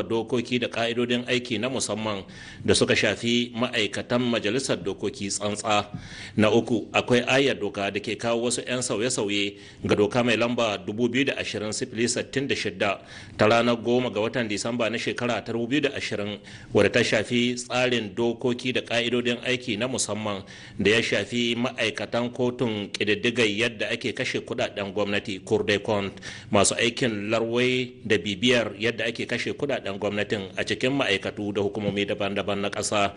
dokoki da ka'idodin aiki na musamman da suka shafi ma'aikatan majalisar dokoki tsantsa na uku akwai ayar doka da ke kawo wasu 'yan sauye-sauye ga doka mai lamba 2020-66 ta ranar 10 ga watan disamba na shekara ta 2020 wadda ta shafi tsarin dokoki da ka'idodin aiki na musamman da ya shafi ma'aikatan kotun ƙididdigar yadda ake kashe kudaden gwamnati kurdekont masu aikin larwai da bibiyar yadda ake kashe kudaden kudaden gwamnatin a cikin ma'aikatu da hukumomi daban-daban na ƙasa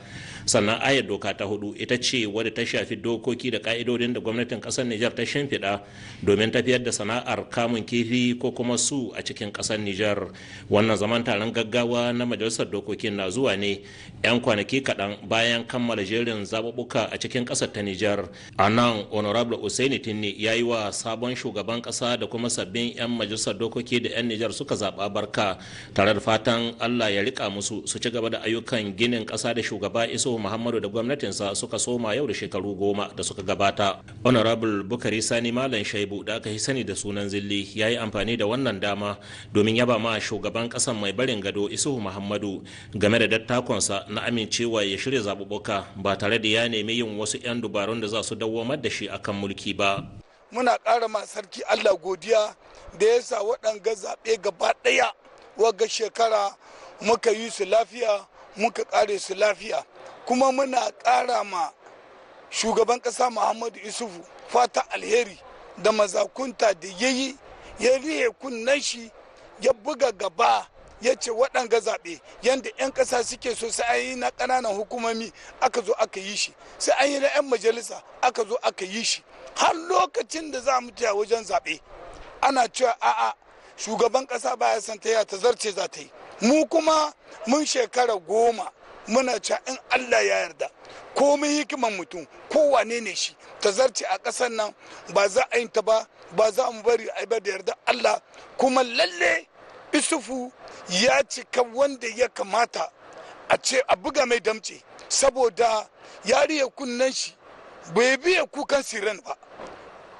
sannan ayar doka ta hudu ita ce wadda ta shafi dokoki da ƙa'idodin da gwamnatin ƙasar nijar ta shimfiɗa domin tafiyar da sana'ar kamun kifi ko kuma su a cikin ƙasar nijar wannan zaman taron gaggawa na majalisar dokokin na zuwa ne 'yan kwanaki kaɗan bayan kammala jerin zaɓuɓɓuka a cikin ƙasar ta nijar a nan honorable usaini tinni ya yi wa sabon shugaban ƙasa da kuma sabbin 'yan majalisar dokoki da 'yan nijar suka zaɓa barka tare da fatan nan allah ya rika musu su ci gaba da ayyukan ginin ƙasa da shugaba iso muhammadu da gwamnatinsa suka soma yau da shekaru goma da suka gabata honorable bukari sani malam shaibu da aka yi sani da sunan zilli ya yi amfani da wannan dama domin yaba ma shugaban ƙasan mai barin gado iso muhammadu game da dattakonsa na amincewa ya shirya zaɓuɓɓuka ba tare da ya nemi yin wasu 'yan dubarun da za su dawwamar da shi akan mulki ba muna ƙara ma sarki allah godiya da ya sa waɗanga zaɓe gaba ɗaya wagga shekara muka yi su lafiya muka kare su lafiya kuma muna kara ma shugaban kasa muhammadu isufu fata alheri da mazakunta da ya yi ya rihe kunnen shi ya buga gaba ya ce waɗanga zaɓe yadda 'yan ƙasa suke so sai an yi na ƙananan hukumomi aka zo aka yi shi sai an yi na 'yan majalisa aka zo aka yi shi har lokacin da za mu taya wajen zaɓe ana cewa a'a shugaban ƙasa baya son ta ta zarce za ta yi mu kuma mun shekara goma muna ca in allah ya yarda ko komai hikiman mutum kowane ne shi ta zarce a ƙasar nan ba za a yi ta ba ba za mu bari a ba da yarda allah kuma lalle isufu ya cika wanda ya kamata a ce a buga mai damce saboda yariya kunnen shi bai biya kukan siren ba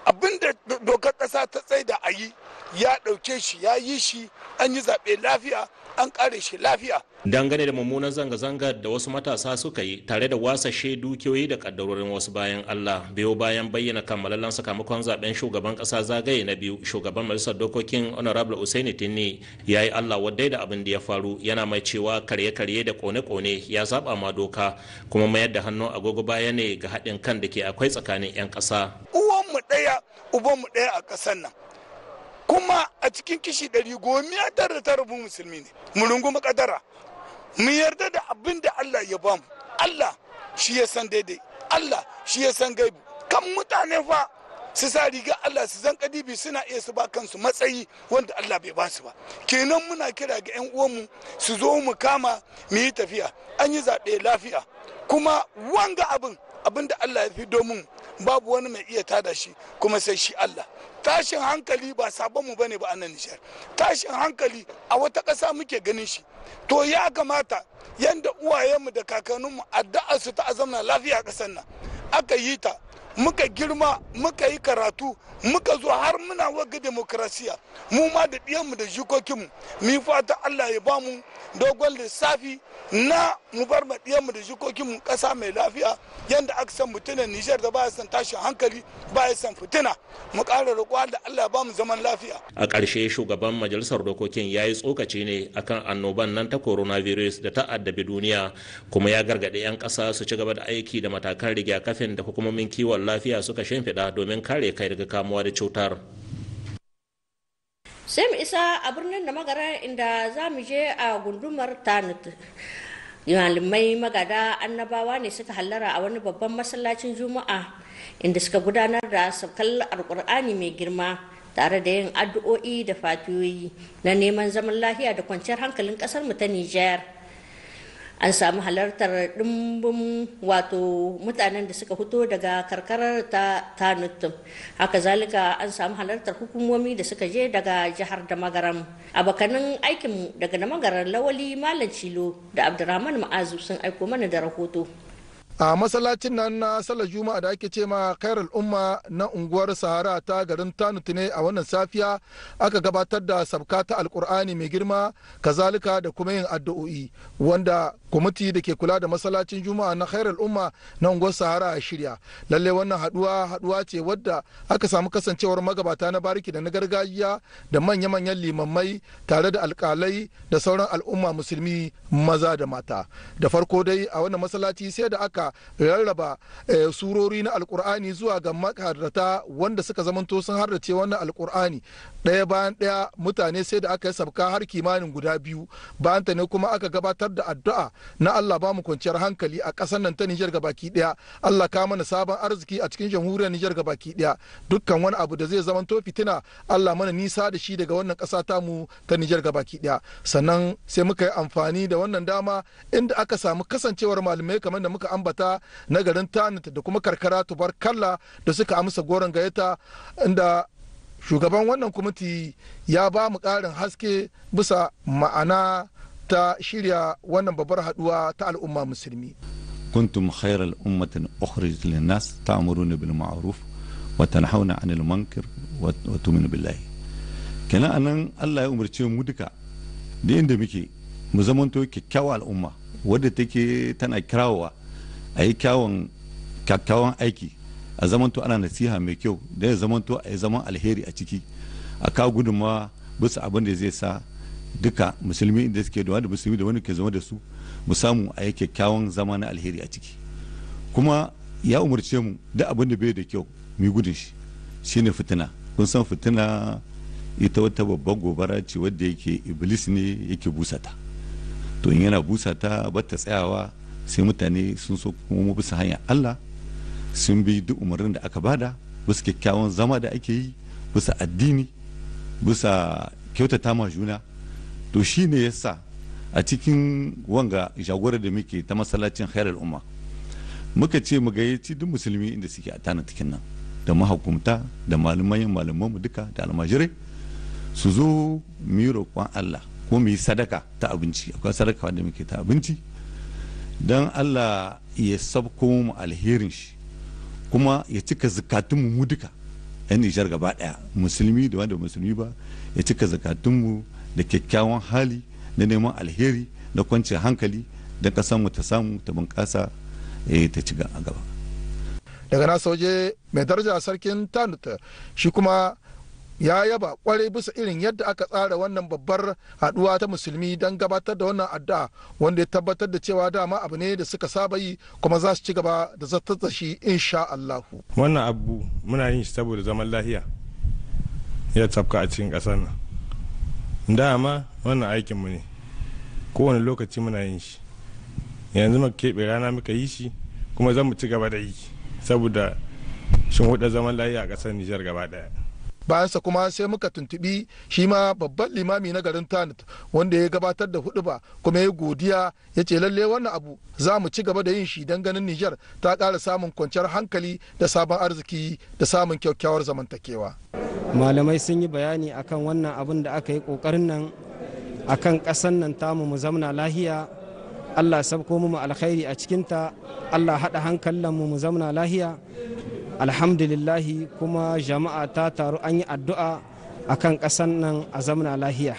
abinda dokar ƙasa ta tsaida a yi ya ɗauke shi ya yi shi an yi zaɓe lafiya an ƙare shi lafiya. Dangane da mummunan zanga zanga da wasu matasa suka yi tare da wasashe dukiyoyi da ƙaddarorin wasu bayan Allah biyo bayan bayyana kammalallen sakamakon zaben shugaban ƙasa zagaye na biyu shugaban majalisar dokokin Honorable Usaini Tinni ya yi Allah wadai da abin da ya faru yana mai cewa karye-karye da kone-kone ya saba ma doka kuma mayar da hannu agogo baya ne ga haɗin kan da ke akwai tsakanin 'yan ƙasa. Uwanmu ɗaya, ubanmu ɗaya a ƙasar nan. kuma a cikin kishi ɗari a tara ta rubu musulmi ne mu rungumi kadara mu yarda da abin da Allah ya bamu Allah shi ya san daidai Allah shi ya san gaibu kan mutane fa su sa riga Allah su zan kadibi suna iya su ba kansu matsayi wanda Allah bai ba su ba kenan muna kira ga yan uwanmu su zo mu kama mu yi tafiya an yi zaɓe lafiya kuma wanga abin abin da Allah ya fi domin babu wani mai iya tada shi kuma sai shi Allah tashin hankali ba sabon mu ne ba a nishar tashin hankali a wata ƙasa muke ganin shi to ya kamata yanda uwayenmu da kakanninmu addu'a su ta azamna lafiya ƙasar nan aka yi ta muka girma muka yi karatu muka zo har muna waga demokrasiya mu ma da ɗiyanmu da jikokinmu mu fata allah ya bamu dogon lissafi na mu bar mu da jikokin mu kasa mai lafiya yadda aka san mutunan Nijar da baya san tashin hankali baya san fitina mu ƙara roƙo da Allah ba mu zaman lafiya a ƙarshe shugaban majalisar dokokin ya yi tsokaci ne akan annoban nan ta coronavirus da ta addabi duniya kuma ya gargaɗi 'yan ƙasa su ci gaba da aiki da matakan rigakafin da hukumomin kiwon lafiya suka shimfiɗa domin kare kai daga kamuwa da cutar sai mu isa a birnin da magara inda za mu je a gundumar tanut malamai magada annabawa ne suka hallara a wani babban masallacin juma'a inda suka gudanar da saukar alkur'ani mai girma tare da yin addu'o'i da fatiyoyi na neman zaman lafiya da kwanciyar hankalin kasar mu ta nijar an samu halartar ɗimbun wato mutanen da suka fito daga karkarar ta tanutum haka zalika an samu halartar hukumomi da suka je daga jihar da magaram bakanin aikinmu daga da magaran lawali malam cilo da abdurrahman ma'azu sun aiko mana da rahoto a masallacin nan na sallar juma'a da ake ce ma kairar umma na unguwar sahara ta garin tanu tune a wannan safiya aka gabatar da sabka ta alkur'ani mai girma kazalika da kuma yin addu'o'i wanda kwamiti da ke kula da masallacin juma'a na kairar umma na unguwar sahara a shirya lallai wannan haduwa haduwa ce wadda aka samu kasancewar magabata na bariki da na gargajiya da manya-manyan limammai tare da alkalai da sauran al'umma musulmi maza da mata da farko dai a wannan masallaci sai da aka rarraba eh, surori na alkur'ani zuwa ga makarata wanda suka zamanto sun harrace wannan alkur'ani ɗaya bayan ɗaya mutane sai da aka yi sabka har kimanin guda biyu bayan ta ne kuma aka gabatar da addu'a na Allah ba mu kwanciyar hankali a ƙasar nan ta Nijar gabaki ɗaya Allah ka mana sabon arziki a cikin jamhuriyar Nijar gabaki ɗaya dukkan wani abu da zai zamanto fitina Allah mana nisa da shi daga wannan ƙasa mu ta Nijar gabaki ɗaya sannan sai muka yi amfani da wannan dama inda aka samu kasancewar malamai kamar da muka ambata mata na garin tanit da kuma karkara tubar kalla da suka amsa goron gayyata inda shugaban wannan kwamiti ya ba mu ƙarin haske bisa ma'ana ta shirya wannan babbar haduwa ta al'umma musulmi kuntum khairal ummatin ukhrij lin-nas ta'muruna bil ma'ruf wa tanhauna 'anil munkar wa tu'minu billahi kenan anan Allah ya umarce mu duka da inda muke mu zamanto kyakkyawa al'umma wadda take tana kirawa a yi kyawun kyakkyawan aiki a zamanto ana nasiha mai kyau da ya zamanto a yi zaman alheri a ciki a kawo gudunmawa bisa abin da zai sa duka musulmi da suke da wani musulmi da wani ke zama da su mu samu a yi kyakkyawan zama na alheri a ciki kuma ya umarce mu duk abin da bai da kyau mu gudun shi shine fitina kun san fitina ita wata babbar gobara ce wadda yake iblis ne yake busata to in yana busata ta tsayawa sai mutane sun so kuma bisa hanyar Allah sun bi duk umarnin da aka bada bisa kyakkyawan zama da ake yi bisa addini bisa kyautata ma juna to shi ne ya sa a cikin wanga jagorar da muke ta masallacin khairar umma muka ce mu gayyaci duk musulmi inda suke a tana cikin nan da mahukumta da malaman mu duka da almajirai su zo mu yi roƙon Allah ko mu yi sadaka ta abinci akwai sadaka wanda muke ta abinci don allah ya sabko mu alherin shi kuma ya cika zakatunmu mu duka yan nijar gaba daya musulmi da wanda musulmi ba ya cika mu da kyakkyawan hali da neman alheri da kwanciyar hankali da mu ta samu ta bunƙasa eh, ta ci gaba daga na soje mai daraja sarkin tanuta shi kuma ya yaba kwarai bisa irin yadda aka tsara wannan babbar haduwa ta musulmi don gabatar da wannan addu'a wanda ya tabbatar da cewa dama abu ne da suka saba yi kuma za su ci gaba da zartar da shi insha Allahu. Wannan abu muna yin shi saboda zaman lahiya ya tafka a cikin ƙasar nan. Dama wannan aikin mu ne kowane lokaci muna yin shi yanzu muka keɓe rana muka yi shi kuma zan mu ci gaba da yi saboda shin zaman lahiya a ƙasar Nijar gaba ɗaya. bayan sa kuma sai muka tuntubi shi ma babban limami na garin tanit wanda ya gabatar da hudu ba kuma ya godiya ya ce lalle wannan abu za mu ci gaba da yin shi don ganin nijar ta kara samun kwanciyar hankali da sabon arziki da samun kyakkyawar zamantakewa malamai sun yi bayani akan wannan abin da aka yi kokarin nan akan ƙasan nan tamu mu zamna lahiya allah sabko mu alkhairi a cikinta allah haɗa hankalin mu zamna lahiya alhamdulillahi kuma jama'a ta taru an yi addu'a akan ƙasan nan a zamana lahiya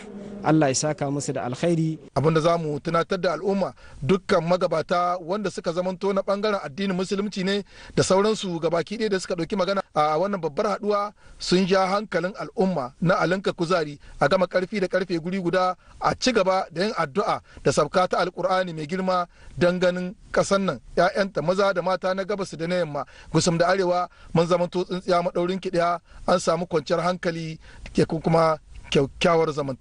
Allah ya saka musu da alkhairi abin da mu tunatar da al'umma dukkan magabata wanda suka zamanto na bangaren addinin musulunci ne da sauransu gabaki ɗaya da suka ɗauki magana a wannan babbar haduwa sun ja hankalin al'umma na alinka kuzari a gama karfi da karfe guri guda a ci gaba da yin addu'a da sabka ta alkur'ani mai girma don ganin kasan nan 'ya'yanta maza da mata na gabas da na yamma gusum da arewa mun zamanto tsintsiya maɗaurin kiɗiya an samu kwanciyar hankali ke kuma kyakkyawar zaman